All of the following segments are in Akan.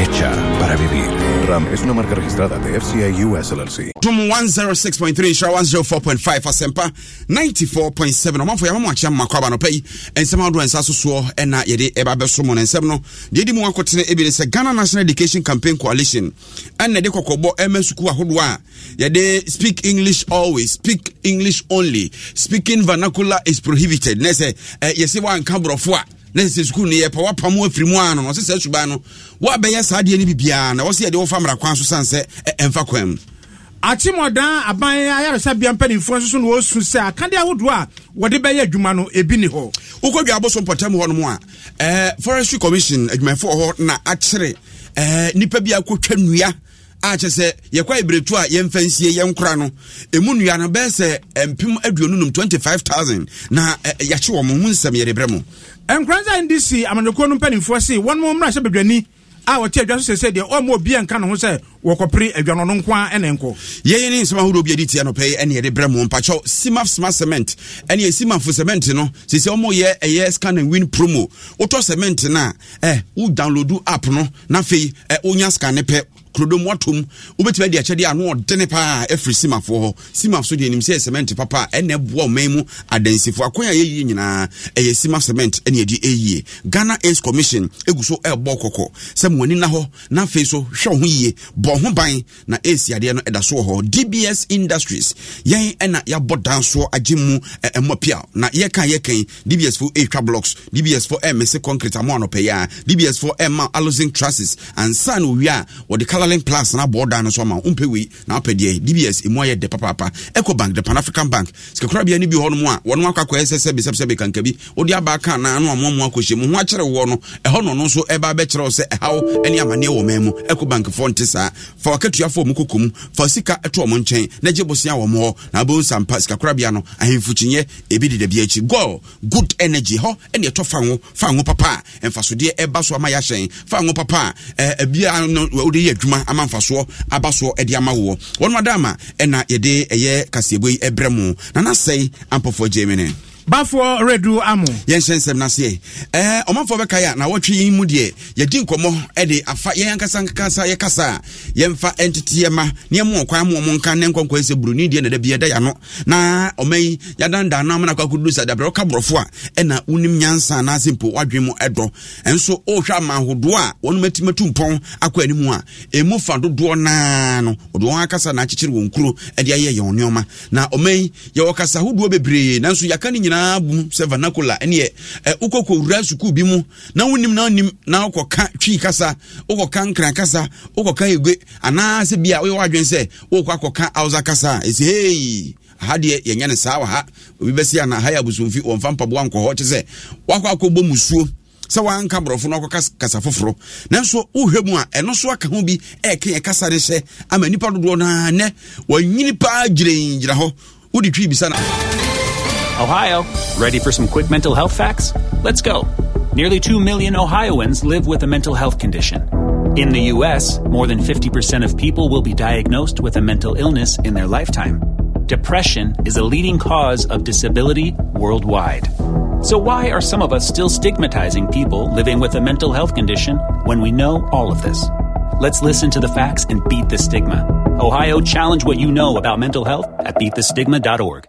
hecha para vivir. Ram es una marca registrada de FCI US LLC. Dum 106.3 Show 104.5 Asempa 94.7 Ọmanfo yàrá mu àkyẹ́ mu akọ abanọpẹ́ yìí nsẹ́m ahodoɔ nsa sosoɔ ɛna yɛde ɛba bɛso mu no nsɛm no deɛ di mu akɔtene ebi ne Ghana National Education Campaign Coalition ɛna yɛde kɔkɔbɔ ɛmɛ sukuu ahodoɔ a yɛde speak English always speak English only speaking vernacular is prohibited Nese sɛ ɛ yɛsɛ wɔn na sɛ sukuu no yɛpɛ woapam afiri mu a no ɔse saa suban no woabɛyɛ saa deɛ no bibiaa na wɔsɛ yɛde wɔfa mmarakwan so sane sɛ ɛmfa kwan mu akyemɔdan aban ayaresabea mpanimfoɔ nso so na wɔsu sɛ akadeɛ ahodoɔ a wɔde bɛyɛ adwuma no ebi ni hɔ wokɔdwa aboso mpɔtam hɔ nom a ɛɛ forestry commission adwumayɛfoɔ hɔ na akyere ɛɛ nipa bi akɔtwa nnua akyɛ sɛ yɛkɔ ayibiretu a yɛmfa nsie yɛnkora no ɛmu nnua no bɛyɛ sɛ mpem aduonu nom 25000 na yɛakye wɔ mo mu nsɛm yɛde brɛ mo nkranza ndc amanyɔkuo no mpanimfoɔ se wɔn mu mmarahyɛ badwani a wɔte adwa so sɛ sɛ deɛ ɔmo obi nka ne ho sɛ wɔkɔpere adwano no nko a ɛne nkɔ yɛyɛ ne nsɛm ahodoɔ bi adi tia nɔpɛ ɛne yɛde brɛ mo mpakyɛw simaf sma cement ɛne ɛsimafo cement no sɛ sɛ ɛyɛ scan and win promo wotɔ cement no a eh, wo download app no na afei eh, wonya scan ne pɛ kurodo mu atom wobɛtumi adi akyɛdeɛ a no ɔdene paa ɛfiri simafoɔ hɔ simaf so deɛ nim sɛ cement papa a ɛna ɛboa ɔman mu adansifo akwan a yɛyie nyinaa ɛyɛ sima cement ɛne ɛdi ɛyie ghana ace commission ɛgu so ɛbɔ kɔkɔ sɛ moani na hɔ na afei so hwɛ wo ho yie bɔ ho ban na aids adeɛ no ɛda so wɔ hɔ dbs industries yɛn ɛna yɛabɔ dansoɔ agye mu ɛmmɔ pia na yɛka yɛkan dbs fo ɛtwa blocks dbs fo ɛmmese concrete amoa nɔpɛyɛ a dbs fo ɛma alosing trusses ansa na owie a wɔde kala Starlink Plus na abɔ dan no so ama wompɛ wei na wopɛ deɛ DBS emu ayɛ dɛ papaapa Ecobank the Pan African Bank sikakorabea no bi hɔ nom a wɔn akɔ akɔ ɛsɛ sɛbi sɛbisɛbi kanka bi wode aba ka na ano amoamoa akɔhyɛ mu ho akyerɛ wɔ no ɛhɔ no ɔno nso ɛba bɛkyerɛ sɛ ɛhaw ne amanneɛ wɔ man mu Ecobank foɔ nte saa fa wakatuafoɔ mu koko mu fa sika ɛto ɔmo nkyɛn na gye bosea wɔ mo hɔ na abɛhu sampa sikakorabea ano ahemfukyinyɛ ebi deda bi akyi gol good energy hɔ ɛne ɛtɔ fa ngo fa ngo papa a mfasodeɛ ɛba so ama yɛahyɛn fa ngo papa a ɛbia no wode yɛ adwuma nhoma ama mfasoɔ aba soɔ de ama woɔ wɔn adama ɛna yɛde ɛyɛ kaseɛbɔ yi brɛ mu na nasɛe ampɔfoɔ gyee me ne bafoɔ redu amo yɛn nhyɛn nsɛm n'aseɛ ɛɛ ɔmanfoɔ bɛka yɛ na wɔtwe yɛn mu deɛ yɛdi nkɔmɔ ɛde afa yɛn ankasa nkasa yɛ kasa yɛnfa ɛntete yɛma nneɛma ɔkwan mu ɔmo nka ne nkɔnkɔn sɛ buroni deɛ na ɛdɛ bi yɛda yano na ɔmɛ yi yɛdandan na amana kɔ akudu sa dabrɛ ɔka borɔfo a ɛna wonim nyansa anaasɛ mpo wadwen mu ɛdɔ ɛnso ɔɔhwɛ ama ahodoɔ a wɔn mɛti mɛtu mpɔn akɔ anim a emu fa dodoɔ naa no ɔde wɔn akasa na akyekyere wɔn kuro ɛde ayɛ yɛn nneɛma na ɔmɛ yi yɛwɔ kasa ahodoɔ bebree nanso yɛaka ne nyina nyinaa bum sɛ vernacular ɛneɛ wokɔkɔ wura sukuu bi mu na wonim na wonim na wokɔka twii kasa wokɔka nkran kasa wokɔka egwe anaasɛ bia woyɛ woadwen sɛ wokɔ akɔka awsa kasa a ɛsi hei aha deɛ yɛnyɛ ne saa wɔ ha obi bɛsi ana ha yɛ abosomfi wɔmfa mpaboa nkɔ hɔ kyɛ sɛ wakɔ akɔbɔ musuo sɛ woanka borɔfo no akɔ kasa foforɔ nanso wohwɛ mu a ɛno so aka ho bi ɛɛka yɛ kasa ne hyɛ ama nnipa dodoɔ no nɛ wɔnyini paa gyinagyina hɔ wode twi bisa no Ohio, ready for some quick mental health facts? Let's go. Nearly 2 million Ohioans live with a mental health condition. In the U.S., more than 50% of people will be diagnosed with a mental illness in their lifetime. Depression is a leading cause of disability worldwide. So, why are some of us still stigmatizing people living with a mental health condition when we know all of this? Let's listen to the facts and beat the stigma. Ohio, challenge what you know about mental health at beatthestigma.org.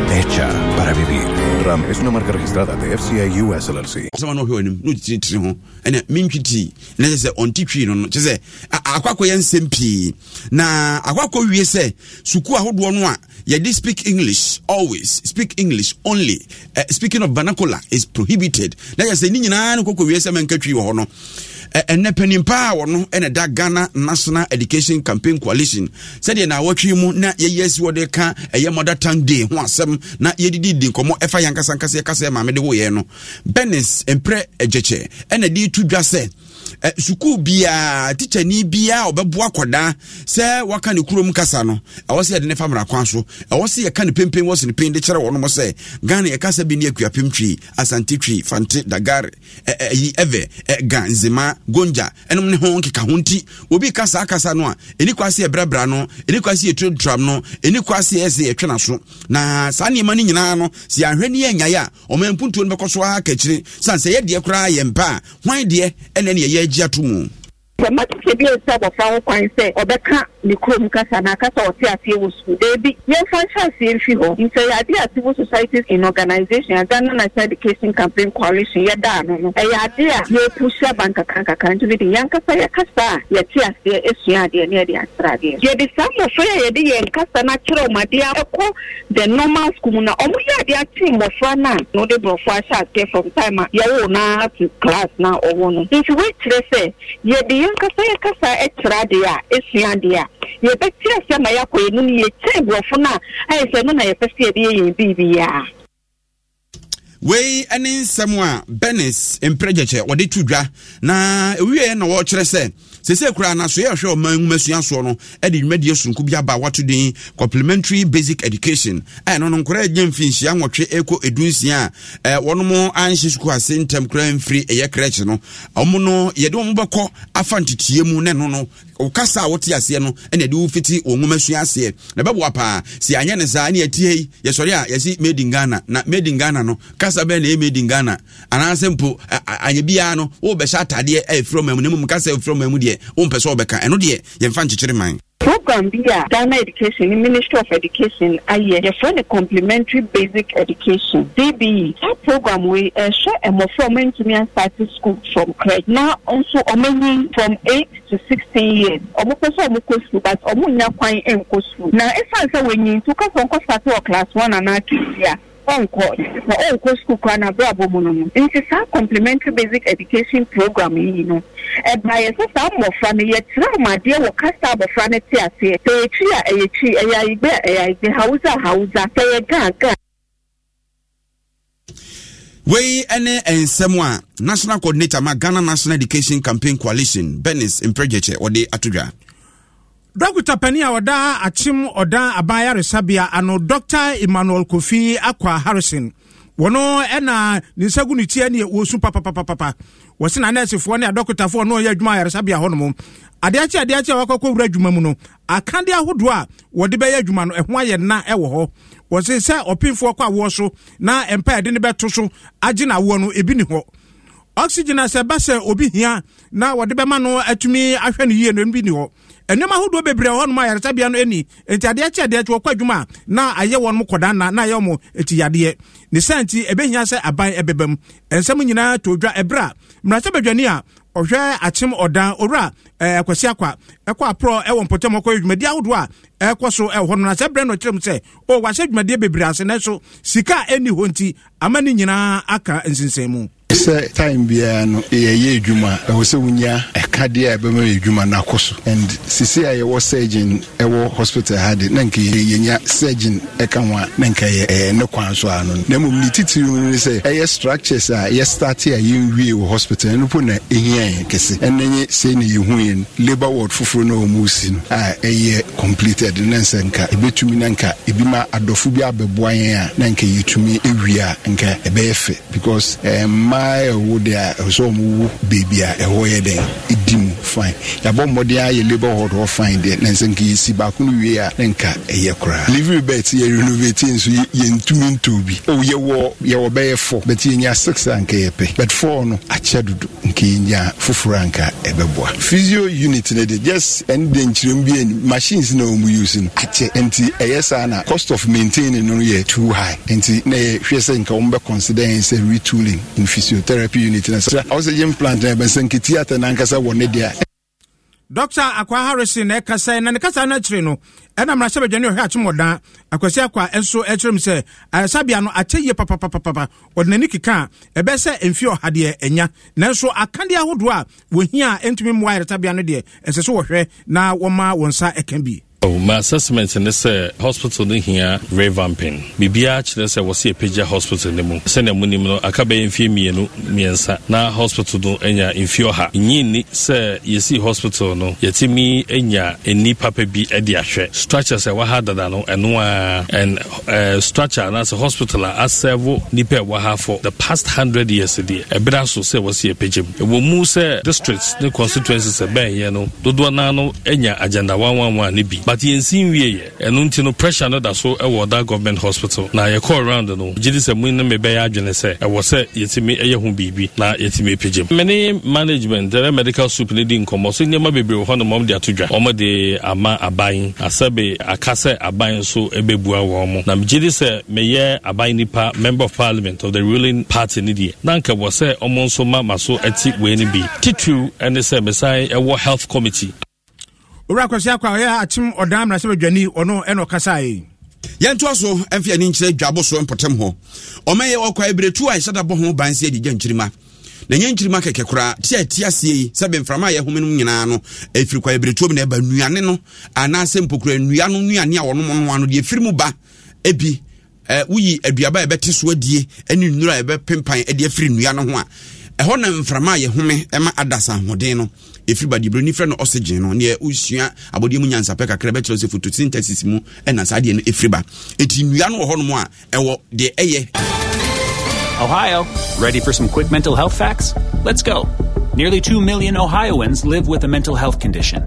hecha para vivir. Ram es una marca registrada de FCI US LLC. Sama no hwe no titiri ho. Ene mentwiti. Na sɛ ɔntitwi no no, kyɛ sɛ akwakɔ yɛ nsɛm pii. Na akwakɔ wie se suku ahodo no a yɛde speak English always, speak English only. Uh, speaking of vernacular is prohibited. Na yɛ se ni nyinaa no kokɔ wie se sɛ ka twi ho no. ɛnɛ panin paa wɔ no ɛna da ghana national education campaign coalition sɛdeɛ na awɔtwe mu na yɛyi asi wɔde ka ɛyɛ eh, mother tongue day ho asɛm na yɛdidi di nkɔmmɔ ɛfa yɛn ankasa ankasa yɛkasa yɛ maame de woyɛ no bɛnis mprɛ agyɛkyɛ ɛna de to dwa sɛ eh, sukuu biara tikyani biara ɔbɛboa akwadaa sɛ waka ne kurom kasa no ɛwɔ sɛ yɛde ne fa mmarakwan so ɛwɔ sɛ yɛka ne pempen wɔ sene pen de kyerɛ wɔnom sɛ ghana yɛkasa bi ne akuapem twi asante twi fante dagar ɛyi eh, ɛvɛ eh, eh, ga nzema gonja ɛnom ne ho nkeka ho nti obi ka saa kasa no a ɛni kwa sɛ yɛbrabra no ɛni kwa sɛ yɛturatram no ɛni kwa sɛ yɛsɛ yɛtwe na so na saa nneɛma no nyinaa no sɛ yɛahwɛ ne yɛnyaeɛ a ɔma mpuntuo no bɛkɔ so a kakyiri sane sɛ yɛdeɛ koraa yɛmpɛ a hwan deɛ ɛnɛ ne yɛyɛ agye ato mu. sɛ mate sɛ bi ɛsɛ abɔfra ho kwan sɛ ɔbɛka ne kurom kasa na akasa ɔte aseɛ wɔ sukuu beebi yɛmfa nhyɛ aseɛ mfi hɔ nsɛyɛade a civil societies in organization a ghana national education campaign coalition yɛdaa no no ɛyɛ ade a yɛpu aba nkakrankakra nto no de yɛnkasa yɛkasa a yɛte aseɛ asua adeɛ ne yɛde asra yɛde saa mmɔfra a yɛde yɛn nkasa no akyerɛ ɔm adeɛ ɛkɔ the normal school mu na ɔmo yɛ adeɛ ate mmɔfra no a na wode borɔfo ahyɛ aseɛ from time a yɛwo na to class na ɔwɔ no nti woakyerɛ sɛ yɛde yɛnkasa yɛkasa kyerɛ adeɛ a asua adeɛ a yɛbɛkyerɛ sɛ ma yɛakɔ yɛ no no yɛkyɛ aborɔfo no a ɛyɛ sɛ no na yɛpɛ sɛ yɛbɛyɛ yɛn biribiaa wei ne nsɛm a benis mprɛgyɛkyɛ wɔde to dwa na ɛwieɛ na wɔkyerɛ sɛ sese koraa na so yɛhwɛ ɔman nwuma suasoɔ no ɛde dwumadie sonko bi aba wato din complementary basic education ɛno no nkora ɛnyɛ mfinhyia nwɔtwe ɛkɔ ɛdunsia a wɔnom anhye suku ase ntɛm koraa mfiri ɛyɛ krɛkye no ɔmo no yɛde ɔmo bɛkɔ afa nteteɛ mu ne no no kasa a wote aseɛ no ɛna wo wofiti wo nwoma sua aseɛ na ɛbɛboa paa sɛ anyɛ ne saa ne atie yi yɛsɔre a yɛsi made in ghana na made in ghana no kasa bɛn na ɛyɛ made in ghana anaasɛ mpo anyɛ biara no wobɛhyɛ atadeɛ ɛfiri ɔma mu na mmom kasa ɛfiri ɔma mu deɛ wompɛ sɛ wobɛka ɛno deɛ yɛmfa nkyekyere man program bi a ghana education ni ministry of education ayɛ yɛfrɛ no complementary basic education dbe saa program wei ɛhwɛ mmɔfra ɔmo ntumi asate school from crèche na nso ɔmo nyi from eight to sixteen years ɔmo pɛ sɛ ɔmo kɔ school but ɔmo nya kwan nkɔ school na esan sɛ wɔnyi nti wokasa ɔnkɔ start wɔ class one anaa two a ɔnkɔ na ɔnkɔ sukuu kora na abrabɔ mu no no nti saa complementary basic education program yi no ɛbaayɛ sɛ saa mmɔfra no yɛkyerɛ amadeɛ wɔ kasa abɔfra no te aseɛ sɛ yɛ a ɛyɛ e ɛyɛ e ayigbe e a ɛyɛ ayigbe hausa a sɛ yɛ gaa gaa. wei ne nsɛm a national coordinator ma ghana national education campaign coalition benis mpregekyɛ ɔde ato dwa dɔkita panin a ɔda akyem ɔda aban yaresabea ano dɔkta emmanuel kofi akwa harrison wɔn ɛna ne nsa gu ne tie ne wɔsu papapapapa wɔsi na nɛɛsifoɔ ne adɔkotafoɔ no yɛ adwuma ayaresabea hɔnom adeɛ akyi adeɛ akyi a wakɔkɔ wura adwuma mu no akadeɛ ahodoɔ a wɔde bɛyɛ adwuma no ɛho ayɛ nna ɛwɔ hɔ wɔsi sɛ ɔpinfoɔ kɔ awoɔ so na mpa yɛde ne bɛto so agye na awoɔ no ebi ne hɔ oxygen a sɛ ɛba sɛ obi hia na wɔde bɛma no atumi ahwɛ no yie no bi ni hɔ nneɛma ahodoɔ bebree wɔ hɔnom a yaresabea no ani nti adeɛ kyɛ adeɛ kyɛ wɔkɔ adwuma a na ayɛ wɔn kɔdaa na na ayɛ wɔn eti yadeɛ ne san ti ebɛhia sɛ aban ɛbɛbɛ mu nsɛm nyinaa to dwa ɛbrɛ a a ɔhwɛ akyem ɔdan eh, sɛ time biara no yɛyɛ adwuma a ɛwɔ sɛ wonya ɛkadeɛ a ɛbɛma yɛ adwuma no akɔ so and sisi a yɛwɔ surgeon ɛwɔ hospital ha de na nka yɛnya surgeon ɛka ho a na nka yɛ ne kwan so ano no na mmom ne titiri mu ne sɛ ɛyɛ structures a yɛstarte a yɛnwie wɔ hospital no po na ɛhia yɛn kɛse ɛno nye sɛ ne yɛhuiɛ no labour ward foforɔ no a ɔmu si no a ɛyɛ completed na nsɛ nka ɛbɛtumi na nka ebi ma adɔfo bi abɛboa yɛn a na nka yɛtumi awie a nka ɛbɛyɛ fɛ because mmaa koraa ɛwɔ a ɛsɛ wɔn wu beebi a ɛhɔ yɛ dɛ ɛdi mu fine yabɔ mmɔden ayɛ labour hall hɔ fine deɛ na nsɛn kɛ yɛsi baako no wie a na nka ɛyɛ koraa delivery bɛt yɛ renovate nso yɛntumi nto bi o yɛwɔ yɛwɔ bɛyɛ four bɛt yɛnya six a nka yɛpɛ bɛt four no akyɛ dodo nka yɛnya foforɔ a nka ɛbɛboa physio unit no de just ɛne de nkyerɛm bi ani machines na wɔn use no akyɛ nti ɛyɛ saa na cost of maintaining no yɛ too high nti na yɛhwɛ sɛ nka wɔn bɛ consider yɛn sɛ retooling in physio physiotherapy unit na sɛ ɔsɛgye implant na ɛbɛsɛ nketi ata nankasa wɔ ne deɛ dr akwa harrison na ɛkasa na ne kasa no akyiri no ɛna mmarahyɛ badwane ɔhwɛ akyemɔda akwasi akwa nso kyerɛ mu sɛ ayaresabea no akyɛ yie papapapapa ɔde n'ani keka a ɛbɛyɛ sɛ mfie ɔha deɛ ɛnya nanso akadeɛ ahodoɔ a wɔhia a ɛntumi mmoa ayaresabea no deɛ ɛsɛ sɛ wɔhwɛ na wɔma wɔn nsa ɛka bi Oh, my assessment ne sɛ hospital no hia revamping biribiaa kyerɛ sɛ wɔse ɛpagya hospital no mu sɛnea monim no aka bɛyɛ mfeɛ mmienu mmiɛnsa na hospital no anya mfeɛ ɔha nyinni sɛ yɛsii hospital no yɛtumi anya ɛni papa bi de ahwɛ structure sɛ waha dada no ɛno uh, and uh, structure anaasɛ hospital a asɛvo nipa ɛwɔ ha for the past hundred years a ɛberɛ so sɛ wɔse ɛpagya mu ɛwɔ mu sɛ districts ne constituencies ɛbɛnyɛ no dodoɔ naa no enya agenda one one one nibi but yɛnsi nwieɛ ɛno nti no pressure no da so wɔ ɔda government hospital na yɛkɔ round no gye di sɛ mu ne mebɛyɛ adwene sɛ ɛwɔ sɛ yɛtumi ɛyɛ ho biribi na yɛtumi apagya mu mene management ɛnɛ medical soup no di nkɔmmɔ so nneɛma bebree wɔ hɔ nom de ato dwa ɔmo de ama aban asɛbe aka sɛ aban nso ɛbɛbua wɔn mo na megye di sɛ meyɛ aban nipa member of parliament of the ruling party no deɛ na nka wɔ sɛ ɔmo nso ma ma so ɛte wei no bi titiriw ɛne sɛ mesan ɛwɔ health committee owura kwasi akɔ a ɔyɛ akyem ɔdan mmerɛsɛ badwani ɔno ɛna ɔkasa yi yɛntoa so ɛmfa ani nkyerɛ dwabo so mpɔtam hɔ ɔma yɛ ɔkɔ abiretu a ɛhyɛdabɔ ho ban sɛ agyigya nkyirima na nyɛ nkyirima kɛkɛ koraa tia ti aseɛ yi sɛbe mframa a yɛhome no nyinaa no ɛfiri kwa abiretuom na ɛba nnuane no anaasɛ mpokura nnua no nnuane a wɔnom no ano deɛ ɛfiri mu ba ɛbi woyi aduaba a ɛbɛte so adie ne nnuro a ɛbɛpempan de afiri nnua no ho a ɛhɔ na mframa a yɛhome ma ada ahoɔden no ɛfiri badibro ni frɛ no oxygen no neɛ wosua abɔdeɛ mu nyansapɛ kakra bɛkyerɛ sɛ photosynthesis mu ɛna saa deɛ no ɛfiri ba enti nnua no wɔ hɔ nom a ɛwɔ deɛ ɛyɛ Ohio, ready for some quick mental health facts? Let's go. Nearly 2 million Ohioans live with a mental health condition.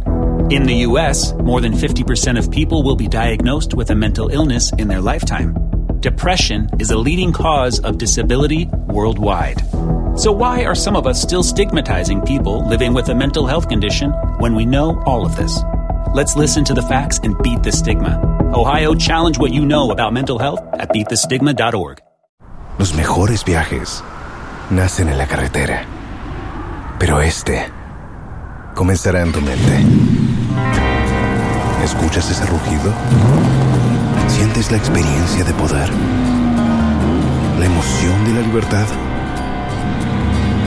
In the U.S., more than 50% of people will be diagnosed with a mental illness in their lifetime. Depression is a leading cause of disability worldwide. So, why are some of us still stigmatizing people living with a mental health condition when we know all of this? Let's listen to the facts and beat the stigma. Ohio, challenge what you know about mental health at beatthestigma.org. Los mejores viajes nacen en la carretera, pero este comenzará en tu mente. ¿Escuchas ese rugido? ¿Sientes la experiencia de poder? ¿La emoción de la libertad?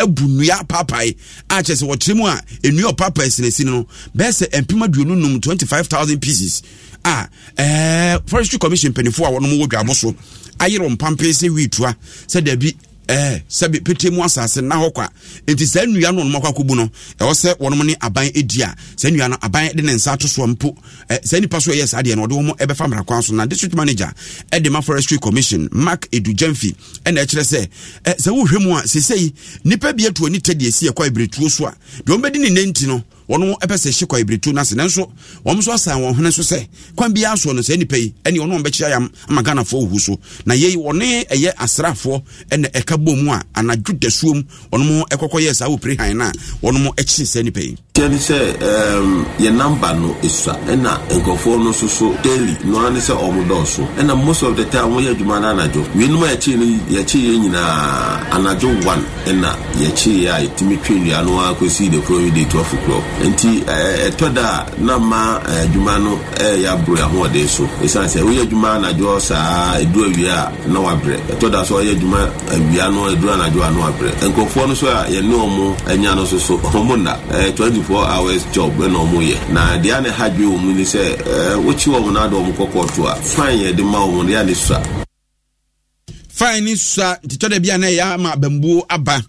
abu nnua papae a kyerɛ sɛ wɔkyerɛ mu a nnua ɔpapae sinasi no bɛɛ sɛ mpem aduonu num twenty five thousand pieces a ɛɛ forestry commission mpanimfoɔ a wɔn wɔ dwabɔ so ayerɛ wɔn pampɛ sɛ wiitua sɛ dabi ɛɛ eh, sɛbi pete mu asase na hɔ kwa nti saa nnua no ɔnom akɔ akɔbu no ɛwɔ sɛ wɔnom ne aban edi a saa nnua no aban de ne nsa ato soɔ mpo ɛ eh, saa nipa so ɛyɛ saa deɛ no ɔde wɔn ɛbɛfa mmarakwan so na district manager ɛde forestry commission mark edujemfi ɛna ɛkyerɛ sɛ ɛ eh, sɛ wohwɛ mu a sese yi nipa bi etu oni tɛ deɛ si ɛkɔ ebiretuo so a deɛ wɔn bɛdi ne nanti no wɔn pɛ sɛ hyɛ kwa ibiritu n'ase nanso wɔn nso asan wɔn hene so sɛ kwan bi aso no sɛ nipa yi ɛne wɔn bɛkyerɛ yam ama ghana fo ohu so na yɛyi wɔne ɛyɛ asraafoɔ ɛna ɛka bɔ mu a anadwo dasuo wɔn mo ɛkɔkɔ yɛ saa opere han na wɔn mo ɛkyi sɛ nipa yi. kyɛn sɛ yɛ namba no esua ɛna nkɔfoɔ no soso daily nora ne sɛ ɔmo dɔɔso ɛna most of the time wɔyɛ adwuma no anadwo wienum a yɛkyi no yɛkyi yɛ nyinaa anadwo one ɛna yɛkyi yɛ a yɛtumi twe nnua no akɔsi the following day twelve o'clock nti ɛtɔ eh, eh, da na ma eh, adwuma no ɛyɛ aburo ahoɔden so ɛsiane sɛ woyɛ adwuma anadwo saa edu awia a na wabrɛ ɛtɔ da so ɔyɛ adwuma awia no edu anadwo a na wabrɛ nkurɔfoɔ no so a yɛne ɔmo anya no so so ɔmo na ɛɛ twenty four hours job ɛna ɔmo yɛ na deɛ ne ha dwe wɔ mu ni sɛ ɛɛ wokyi wɔn na adɔ ɔmo kɔkɔɔ to a fine yɛ de ma wɔn deɛ ne sua. fine ne sua ntitɔ da bi a na ɛyɛ ama abɛmbuo aba.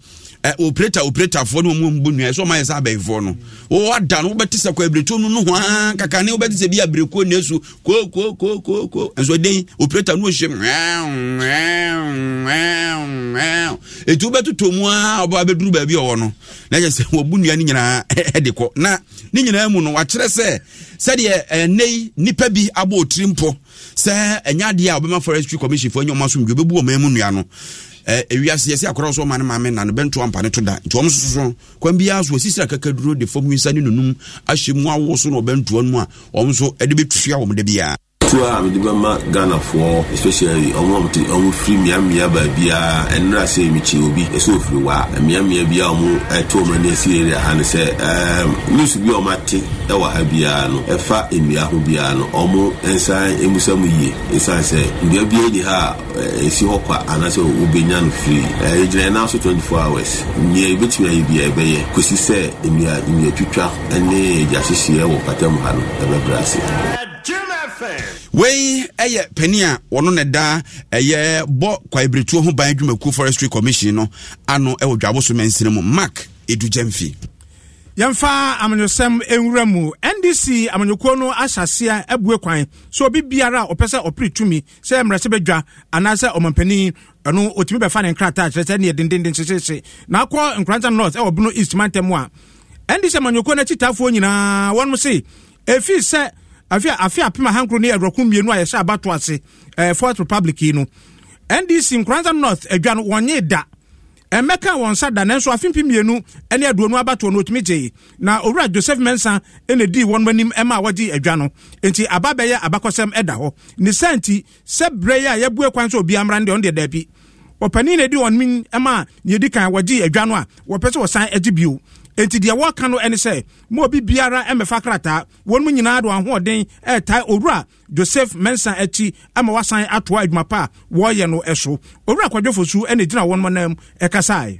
opreta opretafoɔ no ɔmu mbu nnua ɛsɛ ɔma yɛ sɛ abɛyifoɔ no wɔda no wobɛte sɛ kɔ abireto no no hwaa kakane wobɛte sɛ bi abireko na ɛsu kokokokoko ɛnso den opreta no ɔhyɛ m Etu wobɛtotɔ mu a ɔba bɛduru baabi ɔwɔ no na kyɛ sɛ wɔbu nnua no nyinaa ɛde kɔ na ne nyinaa mu no wakyerɛ sɛ sɛdeɛ ɛnɛyi nipa bi abɔ ɔtiri mpɔ sɛ ɛnyɛ adeɛ a wɔbɛma forestry commission foɔ nyɛ ɔma somdwo bɛbu ɔma mu nnua no ewiase yɛsɛ akora so ɔma ne maame na no bɛnto ampa ne to da nti ɔm soso kwan biara so asisira kaka duro de fam nsa ne nonum ahyɛ mu awo so na ɔbɛntoa no mu a ɔm so de bɛtua wɔm da biara nsuo a mede bɛma ghanafoɔ especially ɔmo ɔmte ɔmo firi mmeammea baabiaa ɛnora sɛ mekyi obi ɛsɛ ɔfiri wɔ a mmeammea bi a ɔmo ɛto ɔmo ani asi area ha ne sɛ news bi a ɔmo ate ɛwɔ ha biara no ɛfa nnua ho biara no ɔmo nsan ɛmusa mu yie ɛsiane sɛ nnua biara ni ha a ɛsi hɔ kwa anaasɛ wobɛnya no firi ɛgyina ɛna so 24 hours nea yɛbɛtumi ayɛ biara ɛbɛyɛ kɔsi sɛ nnua nnua twitwa ne agyahyehyɛ wɔ pata mu ha no ɛbɛbrɛ ase wei ɛyɛ panin a wɔno ne da ɛyɛ bɔ kwaeberetuo ho ban dwumakuo forestry commission no ano ɛwɔ dwaboso mansini mu mark edugyamfi yɛmfa amanyɔsɛm nwura mu ndc amanyɔkuo no ahyɛ aseɛ abue kwan so obi biara a ɔpɛ sɛ ɔpere tumi sɛ mmerɛsɛ bɛdwa anaasɛ ɔmampanin ɛno ɔtumi bɛfa ne nkrataa kyerɛ sɛ neɛ dendenden hyehyehye na akɔ nkuranta north ɛwɔ bono east mantam a ndc amanyɔkuo no akyitaafoɔ nyinaa wɔnom se ɛfii sɛ afi afi apem ahankoro ne adwako mmienu a yɛhyɛ abato ase ɛɛ eh, fourth republic yi no ndc nkuranta north adwa no wɔnye da mmɛka wɔn nsa da nanso afimpi mmienu ne aduonu abatoɔ no otumi gye na owura joseph mensa na dii wɔn anim ma wɔgye adwa no nti aba bɛyɛ abakɔsɛm da hɔ ne sa nti sɛ berɛ yi a yɛbue kwan sɛ obiara mmra deɛ ɔno deɛ daabi ɔpanin na edi wɔn anim ma nea edi kan wɔgye adwa no a wɔpɛ sɛ wɔsan gye bio nti deɛ wɔka no ne sɛ ma obi biara mmɛfa krataa wɔn mu nyinaa de ahoɔden ɛretae owura joseph mensa akyi ama wasan atoa adwuma pa a wɔreyɛ no so owura kwadwofosu ne gyina wɔn nam ɛkasaeɛ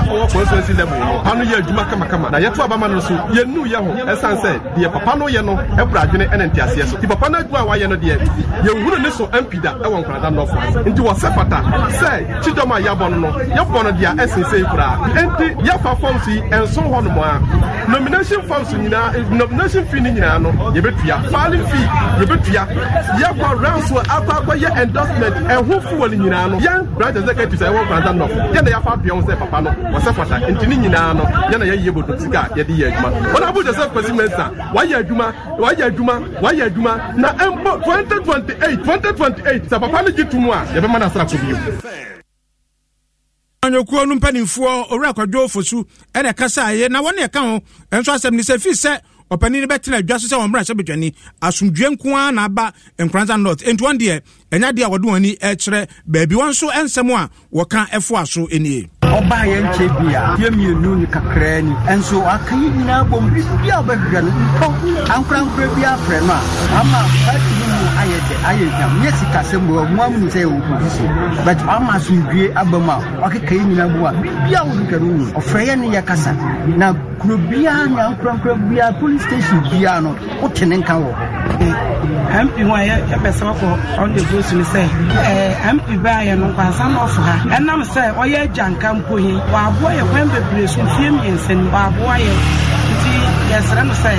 na ɔwɔ constituency level no ano yɛ adwuma kamakama na yɛto abama no so yɛnu yɛ ho ɛsiane sɛ deɛ papa no yɛ no ɛbura adwene ɛne nteaseɛ so ti papa no adwuma a wayɛ no deɛ yɛnhunu ne so mp ɛwɔ nkorada nɔfo nti wɔsɛ fata sɛ kyidɔm a yɛabɔ no no yɛbɔ no deɛ ɛsensɛn koraa nti yɛfa fɔms yi ɛnso hɔ nom a nomination fɔms nyinaa nomination fee no nyinaa no yɛbɛtua filing fee yɛbɛtua yɛkɔ round so akɔ akɔyɛ endorsement ɛho fuwɔ nyinaa no yɛn branch executives ɛwɔ nkorada nɔfo yɛn na yɛafa atua sɛ papa no wɔsɛ fata nti ne nyinaa no yɛna yɛyɛ bɔdɔ sika a yɛde yɛ adwuma wɔn abu joseph kwasi mensa wayɛ adwuma wayɛ adwuma wayɛ adwuma na ɛmpɔ twenty twenty eight twenty twenty eight sɛ papa no gye to mu a yɛbɛma no asra ko bio anyokuo no mpanimfoɔ owura akwadwo fosu ɛna ɛkasaeɛ na wɔne ɛka ho ɛnso asɛm ne sɛ fii sɛ ɔpanin bɛtena adwa so sɛ wɔn mmerɛ hyɛbɛtwani asomdue nko ara na aba nkransa north nti wɔn deɛ ɛnya deɛ wɔde wɔn ani ɛkyerɛ baabi wɔn nso nsɛm a wɔka ɛfoa so nie. ɔbaa yɛn nkyɛ bi a yɛ mmienu ni kakraa ni nso aka yi nyinaa bɔ mu biribi a ɔbɛhwehwɛ no mpɔ ankorankora bi afrɛ no a ama ayɛ dɛ ayɛ nyam nyɛ sika se mu ɔmo amu sɛ ɛwɔ mu but ama so due aba mu a wakeka yi nyina bu a biribi a wɔde twɛre wu ɔfrɛ yɛ ne yɛ kasa na kuro biara nyankorankora biara police station biara no wote ne nka wɔ eh, mp ho a yɛpɛ sɛ wɔkɔ ɔnde vote no sɛ eh, mp baayɛ no nkwansa na ɔfo ha ɛnam sɛ ɔyɛ agyanka mpo yi wɔaboa yɛ kwan bebree so mfie mmiɛnsa ni wɔaboa yɛ yɛsrɛ no sɛ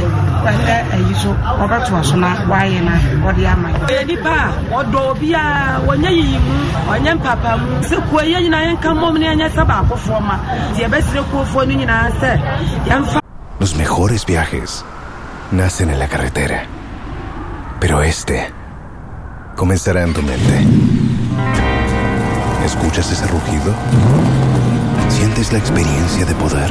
ɛnɛ ayi so wɔbɛto so na woayɛ na wɔde ama yɛ nipa a ɔdɔ obiaa wɔnyɛ yiyi mu ɔnyɛ mpapa mu sɛ kuo yɛ nyinaa yɛnka mmɔm no yɛnyɛ sɛ baakofoɔ ma nti yɛbɛsrɛ kuofoɔ no nyinaa sɛ yɛmfa Los mejores viajes nacen en la carretera, pero este comenzará en tu mente. ¿Escuchas ese rugido? ¿Sientes la experiencia de poder?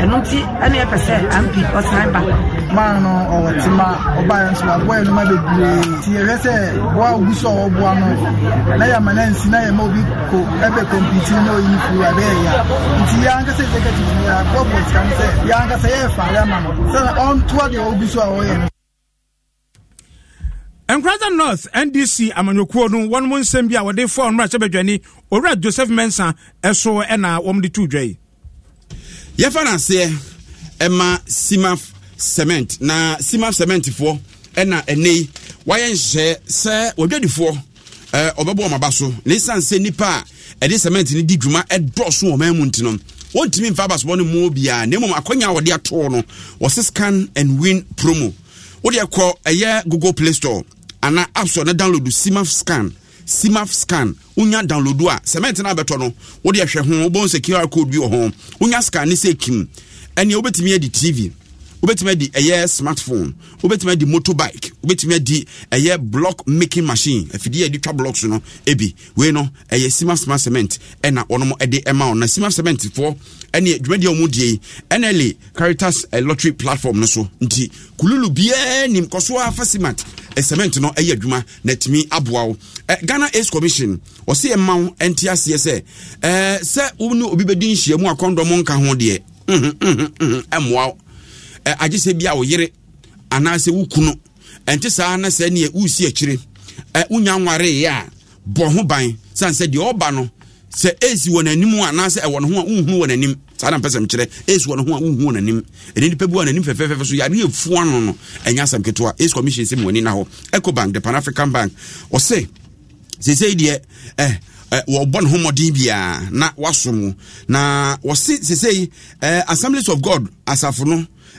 ɛno nti ɛne ɛpɛ sɛ ampi ɔsan ba man no ɔwɔ tema ɔbaeɛ nso waboa ɛnoma bebree nti yɛhwɛ sɛ boa ogu so a ɔwɔboa no na yɛama no ansi na yɛma obi ko ɛbɛ kɔmpiti na ɔyi firi abɛyɛ yɛ nti yɛ ankasa executive no yɛaboa politika no sɛ yɛ ankasa yɛɛfa yɛama no sɛ ɔntoa deɛ ɔgu so a ɔyɛ no nkurasa north ndc amanyɔkuo no wɔn mu nsɛm bi a wɔde fɔɔ mmerɛ ahyɛ badwani owura joseph mensa ɛso ɛna wɔn de tu dwa yi yɛfa no aseɛ ɛma simaf cement na simaf cement foɔ ɛna ɛnɛ wayɛ nhyɛ sɛ wadwadifoɔ ɛɛ ɔbɛbɔ ɔmaba so na esan sɛ nipa a ɛde cement no di dwuma ɛdɔɔso wɔn ɛmu nti no wɔntumi nfa abasobɔ no mu biara na mmom akɔnya a wɔde atoo no wɔsi scan and win promo wɔde ɛkɔ ɛyɛ google play store ana app store na download simaf scan simaf scan wonya downloadu a cement no abɛtɔ no wode ɛhwɛ ho wobɛhu sɛ qr code bi wɔ ho wonya scan ne sɛ kim ɛneɛ wobɛtumi adi tv wobɛtumi adi ɛyɛ smartphone wobɛtumi adi motorbike wobɛtumi adi ɛyɛ block making machine afidie a yɛde twa blocks no ebi wei no ɛyɛ sima sima cement ɛna wɔn ɛde ɛma wɔn na sima cement foɔ ɛne dwumadie a wɔn die yi nla caritas ɛ lottery platform no so nti kululu biara nim kɔso afa simat cement no ɛyɛ adwuma na ɛtumi aboa wo ghana ace commission ɔsi ɛma wo ɛnte aseɛ sɛ ɛɛ sɛ wɔn ne obi bɛdi nhyiamu akɔndɔm nka ho deɛ ɛmoa wo. agye sɛ bi a woyere anaasɛ wo kunu ɛnte saa na sɛ neɛ wosi akyire wonya nwareeɛ a bɔ ho ban sane sɛ deɛ ɔba no sɛ ɛsi wɔ n'anim anaasɛ ɛwɔ ne ho a wonhunu wɔ n'anim saa na mpɛsɛm kyerɛ ɛsi wɔ ne ho a wonhunu wɔ n'anim ɛne nipa bi wɔ n'anim fɛfɛɛfɛ so yare ɛfu ano no ɛnyɛ asɛm ketewa ɛsi commission sɛ mu na hɔ ecobank the pan african bank ɔse seesei deɛ eh, wɔbɔ ne ho mmɔden biara na wasom na wɔse seesei eh, assemblies of god asafo no